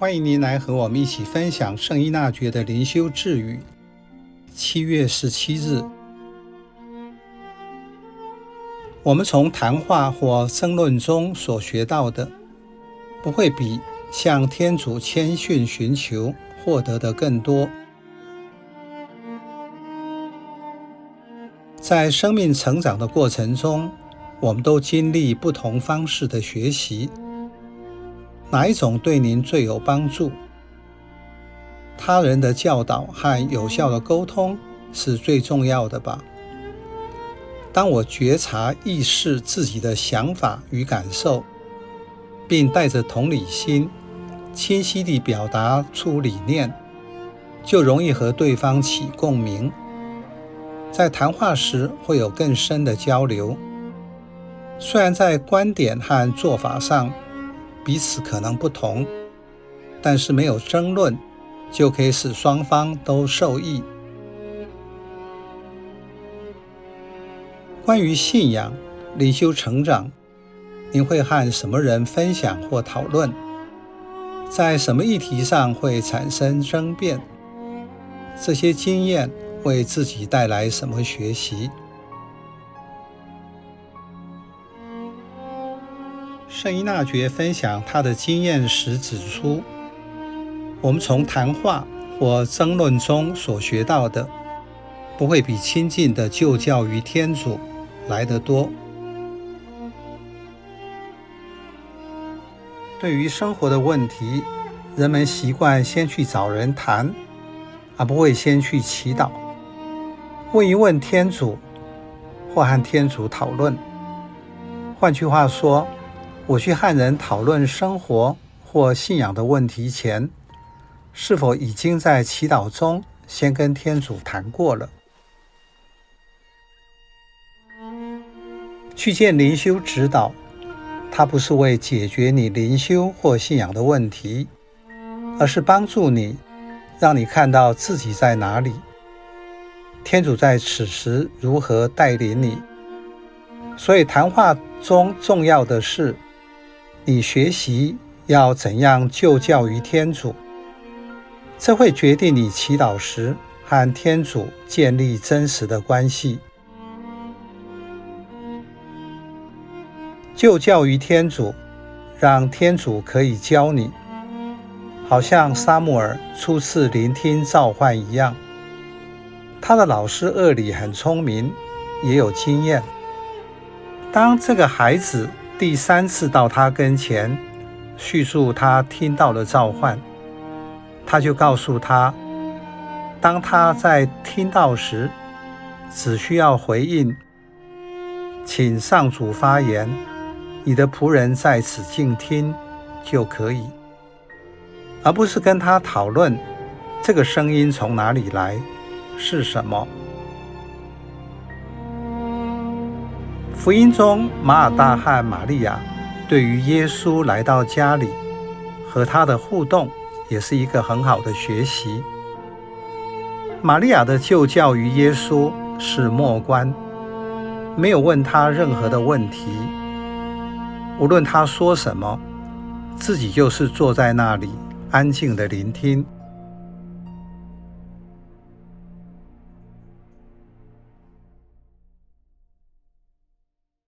歡迎您來和我們一起分享聖依納爵的靈修智語。七月十七日，我們從談話或爭論中所學到的，不會比向天主謙遜尋求獲得的更多。在生命成長的過程中，我們都經歷不同方式的學習。哪一種對您最有幫助？他人的教導和有效的溝通是最重要的吧。當我覺察、意識自己的想法與感受，並帶着同理心，清晰地表達出理念，就容易和對方起共鳴。在談話時會有更深的交流。雖然在觀點和做法上，彼此可能不同，但是沒有爭論，就可以使雙方都受益。關於信仰、靈修成長，您會和什麼人分享或討論？在什麼議題上會產生爭辯？這些經驗為自己帶來什麼學習？聖依納爵分享他的經驗時指出，我們從談話或爭論中所學到的，不會比親近的就教於天主來得多。對於生活的問題，人們習慣先去找人談，而不會先去祈禱，問一問天主或和天主討論。換句話說。我去和人討論生活或信仰的問題前，是否已經在祈禱中先跟天主談過了？去見靈修指導，他不是為解決你靈修或信仰的問題，而是幫助你，讓你看到自己在哪裡，天主在此時如何帶領你。所以談話中重要的是。你學習要怎樣就教於天主，這會決定你祈禱時和天主建立真實的關係。就教於天主，讓天主可以教你，好像撒慕爾初次聆聽召喚一樣。他的老師厄里很聰明，也有經驗。當這個孩子。第三次到他跟前，敘述他聽到了召喚，他就告訴他：當他再聽到時，只需要回應，請上主發言，你的僕人在此靜聽就可以，而不是跟他討論這個聲音從哪裡來，是什麼。福音中，馬爾大和瑪利亞對於耶穌來到家裡和他的互動，也是一個很好的學習。瑪利亞的就教於耶穌是默觀，沒有問他任何的問題，無論他說什麼，自己就是坐在那裡安靜的聆聽。